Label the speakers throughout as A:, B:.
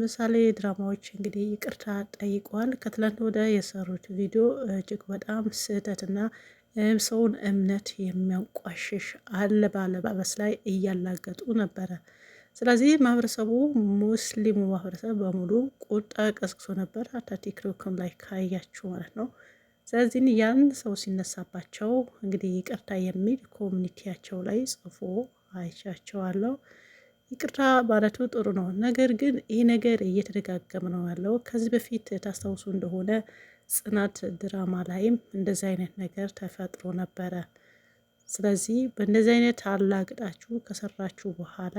A: ምሳሌ ድራማዎች እንግዲህ ይቅርታ ጠይቋል። ከትላንት ወደ የሰሩት ቪዲዮ እጅግ በጣም ስህተትና ሰውን እምነት የሚያንቋሽሽ አለባለባበስ ላይ እያላገጡ ነበረ። ስለዚህ ማህበረሰቡ ሙስሊሙ ማህበረሰብ በሙሉ ቁጣ ቀስቅሶ ነበር። አታቲክሎክም ላይ ካያችሁ ማለት ነው። ስለዚህ ያን ሰው ሲነሳባቸው እንግዲህ ይቅርታ የሚል ኮሚኒቲያቸው ላይ ጽፎ አይቻቸዋለሁ። ይቅርታ ማለቱ ጥሩ ነው። ነገር ግን ይህ ነገር እየተደጋገመ ነው ያለው። ከዚህ በፊት ታስታውሱ እንደሆነ ጽናት ድራማ ላይም እንደዚህ አይነት ነገር ተፈጥሮ ነበረ። ስለዚህ በእንደዚህ አይነት አላግጣችሁ ከሰራችሁ በኋላ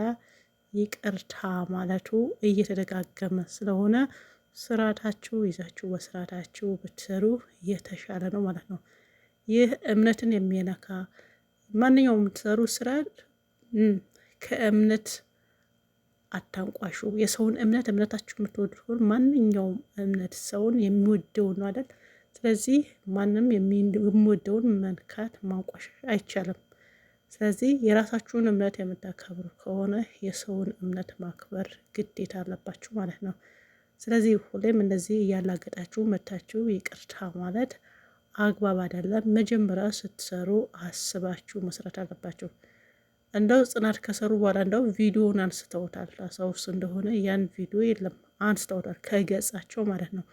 A: ይቅርታ ማለቱ እየተደጋገመ ስለሆነ ስርዓታችሁ ይዛችሁ በስርዓታችሁ ብትሰሩ የተሻለ ነው ማለት ነው። ይህ እምነትን የሚነካ ማንኛውም የምትሰሩ ስራ ከእምነት አታንቋሹ። የሰውን እምነት እምነታችሁ የምትወዱ ሲሆን ማንኛውም እምነት ሰውን የሚወደውን ነው አይደል? ስለዚህ ማንም የሚወደውን መንካት ማንቋሸሽ አይቻልም። ስለዚህ የራሳችሁን እምነት የምታከብሩ ከሆነ የሰውን እምነት ማክበር ግዴታ አለባችሁ ማለት ነው። ስለዚህ ሁሌም እንደዚህ እያላገጣችሁ መታችሁ ይቅርታ ማለት አግባብ አይደለም። መጀመሪያ ስትሰሩ አስባችሁ መስራት አለባችሁ። እንደው ጽናት ከሰሩ በኋላ እንደው ቪዲዮውን አንስተውታል። አሳውርስ እንደሆነ ያን ቪዲዮ የለም አንስተውታል ከገጻቸው ማለት ነው።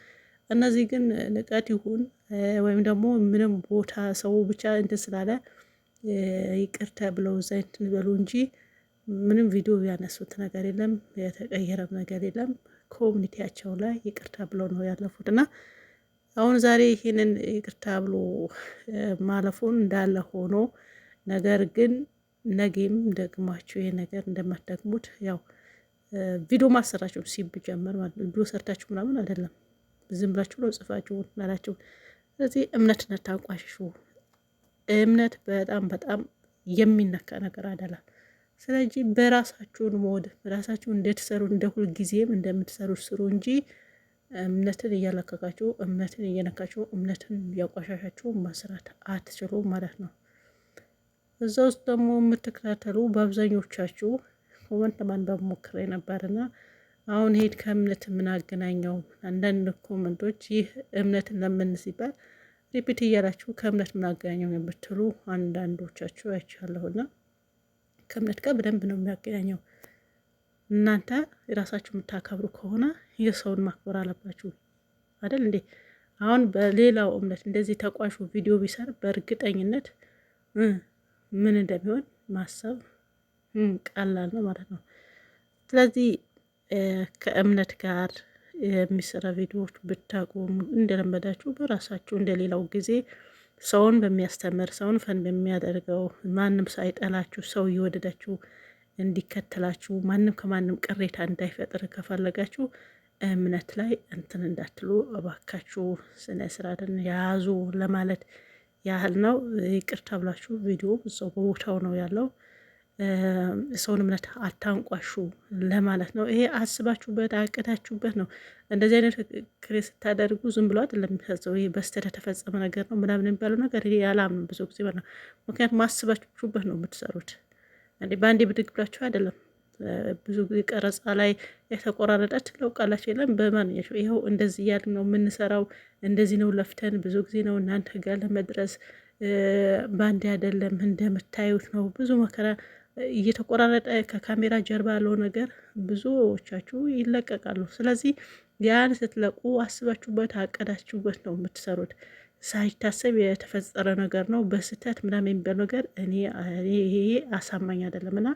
A: እነዚህ ግን ንቀት ይሁን ወይም ደግሞ ምንም ቦታ ሰው ብቻ እንትን ስላለ ይቅርታ ብለው እዛ እንትን በሉ እንጂ ምንም ቪዲዮ ያነሱት ነገር የለም። የተቀየረም ነገር የለም። ኮሚኒቲያቸው ላይ ይቅርታ ብለው ነው ያለፉት እና አሁን ዛሬ ይህንን ይቅርታ ብሎ ማለፉን እንዳለ ሆኖ ነገር ግን ነገም ደግማችሁ ይሄ ነገር እንደማትደግሙት ያው ቪዲዮ ማሰራችሁ ሲብ ጀመር ማለት ነው። ቪዲዮ ሰርታችሁ ምናምን አይደለም፣ ዝም ብላችሁ ነው ጽፋችሁ ናላችሁን። ስለዚህ እምነት አታንቋሽሹ። እምነት በጣም በጣም የሚነካ ነገር አይደለም። ስለዚህ በራሳችሁን ሞድ በራሳችሁ እንደትሰሩ እንደ ሁልጊዜም እንደምትሰሩ ስሩ እንጂ እምነትን እያለከካችሁ እምነትን እየነካችሁ እምነትን እያቋሻሻችሁ መስራት አትችሉ ማለት ነው። እዛ ውስጥ ደግሞ የምትከታተሉ በአብዛኞቻችሁ ኮመንት ማንበብ ሞክሬ ነበርና አሁን ሄድ ከእምነት የምናገናኘው አንዳንድ ኮመንቶች ይህ እምነት ለምን ሲባል ሪፒት እያላችሁ ከእምነት የምናገናኘው የምትሉ አንዳንዶቻችሁ አይቻለሁና ከእምነት ጋር በደንብ ነው የሚያገናኘው። እናንተ የራሳችሁ የምታከብሩ ከሆነ የሰውን ማክበር አለባችሁ አይደል እንዴ? አሁን በሌላው እምነት እንደዚህ ተቋሹ ቪዲዮ ቢሰር በእርግጠኝነት ምን እንደሚሆን ማሰብ ቀላል ነው ማለት ነው። ስለዚህ ከእምነት ጋር የሚሰራ ቪዲዮዎች ብታቆሙ እንደለመዳችሁ በራሳችሁ እንደሌላው ጊዜ ሰውን በሚያስተምር ሰውን ፈን በሚያደርገው ማንም ሳይጠላችሁ ሰው እየወደዳችሁ እንዲከተላችሁ ማንም ከማንም ቅሬታ እንዳይፈጥር ከፈለጋችሁ እምነት ላይ እንትን እንዳትሉ እባካችሁ ስነ ስርዓትን ያዙ ለማለት ያህል ነው። ይቅርታ ብላችሁ ቪዲዮ ሰው በቦታው ነው ያለው። ሰውን እምነት አታንቋሹ ለማለት ነው። ይሄ አስባችሁበት አቅዳችሁበት ነው። እንደዚህ አይነት ክሬ ስታደርጉ ዝም ብሎ አይደለም የሚፈጸው። ይሄ በስተት የተፈጸመ ነገር ነው ምናምን የሚባለው ነገር ይሄ አላምንም ብዙ ጊዜ ነው። ምክንያቱም አስባችሁበት ነው የምትሰሩት። በአንዴ ብድግ ብላችሁ አይደለም ብዙ ጊዜ ቀረጻ ላይ የተቆራረጣችን ለው የለም። በማንኛቸው ይኸው እንደዚህ ያል ነው የምንሰራው፣ እንደዚህ ነው ለፍተን ብዙ ጊዜ ነው እናንተ ጋር ለመድረስ በአንድ አይደለም እንደምታዩት ነው። ብዙ መከራ እየተቆራረጠ ከካሜራ ጀርባ ያለው ነገር ብዙዎቻችሁ ይለቀቃሉ። ስለዚህ ያን ስትለቁ አስባችሁበት አቀዳችሁበት ነው የምትሰሩት። ሳይታሰብ የተፈጠረ ነገር ነው። በስህተት ምናምን የሚባል ነገር እኔ ይሄ አሳማኝ አይደለም እና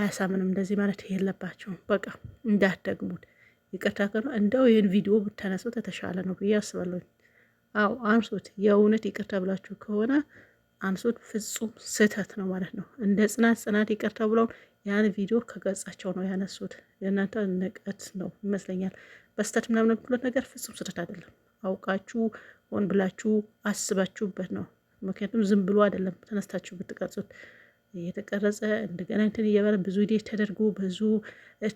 A: አያሳምንም። እንደዚህ ማለት የለባቸውም። በቃ እንዳትደግሙት። ይቅርታ ከሆነ እንደው ይህን ቪዲዮ ብታነሱት የተሻለ ነው ብዬ አስባለሁ። አዎ አንሱት፣ የእውነት ይቅርታ ብላችሁ ከሆነ አንሱት። ፍጹም ስህተት ነው ማለት ነው። እንደ ጽናት ጽናት ይቅርታ ብለው ያን ቪዲዮ ከገጻቸው ነው ያነሱት። የእናንተ ንቀት ነው ይመስለኛል። በስተት ምናምን ብሎት ነገር ፍጹም ስህተት አይደለም። አውቃችሁ ሆን ብላችሁ አስባችሁበት ነው። ምክንያቱም ዝም ብሎ አይደለም ተነስታችሁ ብትቀርጹት እየተቀረጸ እንደገና እንትን እየበረ ብዙ ሂደት ተደርጎ ብዙ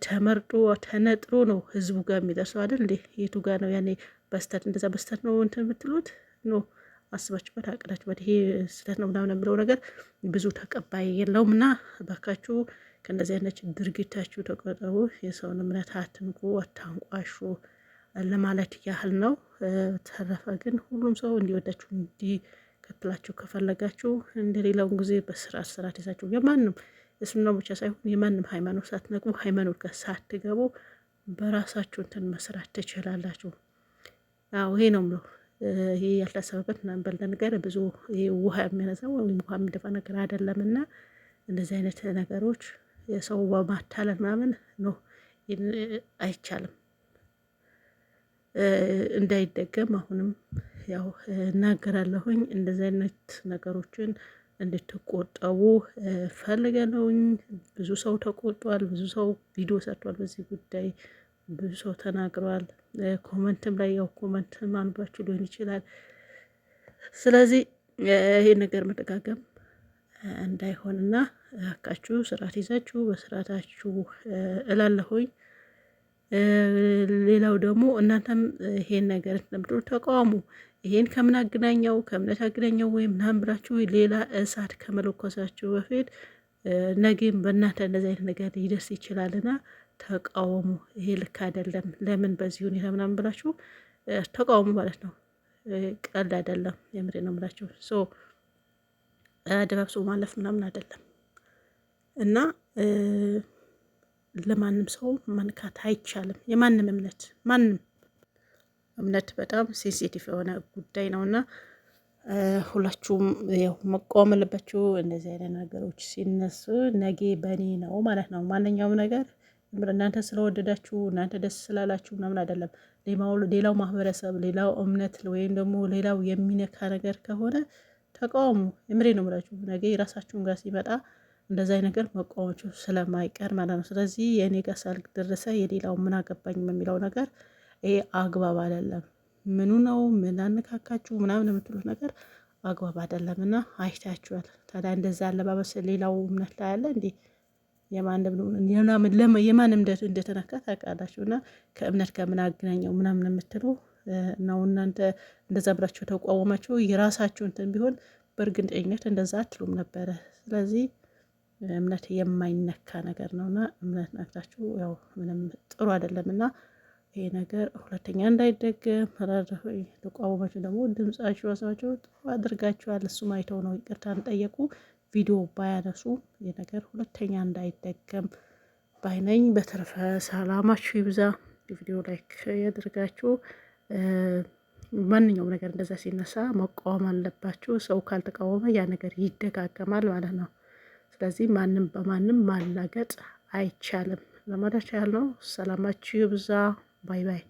A: ተመርጦ ተነጥሮ ነው ህዝቡ ጋር የሚደርሰው አይደል እንዴ? የቱ ጋር ነው ያኔ በስተት እንደዛ በስተት ነው እንትን የምትሉት ኖ አስባችሁበት አቅዳችሁበት ይሄ ስህተት ነው ምናምን የምለው ነገር ብዙ ተቀባይ የለውም። እና ባካችሁ ከእንደዚህ አይነት ድርጊታችሁ ተቆጠቡ። የሰውን እምነት አትንኩ፣ አታንቋሹ ለማለት ያህል ነው። ተረፈ ግን ሁሉም ሰው እንዲወዳችሁ እንዲ ቀጥላችሁ ከፈለጋችሁ እንደሌላውን ጊዜ በስርዓት ስርዓት ይዛችሁ የማንም እስልምና ብቻ ሳይሆን የማንም ሃይማኖት ሳትነቅቡ ሃይማኖት ጋር ሳትገቡ በራሳችሁ እንትን መስራት ትችላላችሁ። አዎ ይሄ ነው ምለው። ይህ ያልታሰበበት ምናምን ነገር ብዙ ውሃ የሚያነሳ ወይም ውሃ የሚደፋ ነገር አይደለም እና እንደዚህ አይነት ነገሮች የሰው በማታለል ምናምን ነው አይቻልም። እንዳይደገም አሁንም ያው እናገራለሁኝ። እንደዚህ አይነት ነገሮችን እንድትቆጠቡ ፈልገነውኝ። ብዙ ሰው ተቆጧል፣ ብዙ ሰው ቪዲዮ ሰርቷል በዚህ ጉዳይ ብዙ ሰው ተናግረዋል። ኮመንትም ላይ ያው ኮመንት ማንባችሁ ሊሆን ይችላል። ስለዚህ ይሄ ነገር መጠጋገም እንዳይሆንና እባካችሁ ስርዓት ይዛችሁ በስርዓታችሁ እላለሁኝ። ሌላው ደግሞ እናንተም ይሄን ነገር ተቃውሙ። ይሄን ከምን አገናኘው ከእምነት አገናኘው ወይም ምናምን ብላችሁ ሌላ እሳት ከመለኮሳችሁ በፊት ነገም በእናንተ እንደዚህ አይነት ነገር ሊደርስ ይችላልና ተቃውሙ። ይሄ ልክ አይደለም፣ ለምን በዚህ ሁኔታ ምናምን ብላችሁ ተቃውሙ ማለት ነው። ቀልድ አይደለም፣ የምሬ ነው የምላችሁ። ሶ አደባብሶ ማለፍ ምናምን አይደለም እና ለማንም ሰው መንካት አይቻልም። የማንም እምነት ማንም እምነት በጣም ሴንሲቲቭ የሆነ ጉዳይ ነው እና ሁላችሁም ያው መቃወም አለባችሁ። እንደዚህ አይነት ነገሮች ሲነሱ ነጌ በእኔ ነው ማለት ነው። ማንኛውም ነገር እናንተ ስለወደዳችሁ እናንተ ደስ ስላላችሁ ምናምን አይደለም። ሌላው ማህበረሰብ፣ ሌላው እምነት ወይም ደግሞ ሌላው የሚነካ ነገር ከሆነ ተቃውሙ። የምሬ ነው የምላችሁ። ነገ የራሳችሁን ጋር ሲመጣ እንደዚ አይነት ነገር መቃወማችሁ ስለማይቀር ማለት ነው። ስለዚህ የእኔ ጋር ሳልደረሰ የሌላው ምን አገባኝ የሚለው ነገር ይሄ አግባብ አይደለም። ምኑ ነው ምን አነካካችሁ ምናምን የምትሉት ነገር አግባብ አይደለም እና አይታችኋል። ታዲያ እንደዛ አለባበስ ሌላው እምነት ላይ አለ እንዴ? የማን እምነት እንደተነካ ታውቃላችሁ። እና ከእምነት ጋር አገናኘው ምናምን የምትሉ ነው እናንተ እንደዛ ብላችሁ ተቋወማችሁ የራሳችሁ እንትን ቢሆን በእርግጠኝነት እንደዛ አትሉም ነበረ። ስለዚህ እምነት የማይነካ ነገር እና እምነት ነክታችሁ ያው ምንም ጥሩ አይደለም እና ይሄ ነገር ሁለተኛ እንዳይደገም ተቃዋሚዎች ደግሞ ድምጻቸው ራሳቸው ጥሩ አድርጋችኋል። እሱም አይተው ነው ይቅርታን ጠየቁ። ቪዲዮ ባያነሱ ይሄ ነገር ሁለተኛ እንዳይደገም ባይነኝ። በተረፈ ሰላማችሁ ይብዛ። ቪዲዮ ላይክ ያድርጋችሁ። ማንኛውም ነገር እንደዛ ሲነሳ መቃወም አለባችሁ። ሰው ካልተቃወመ ያ ነገር ይደጋገማል ማለት ነው። ስለዚህ ማንም በማንም ማላገጥ አይቻልም። ለማዳቻ ያለው ሰላማችሁ ይብዛ። 拜拜。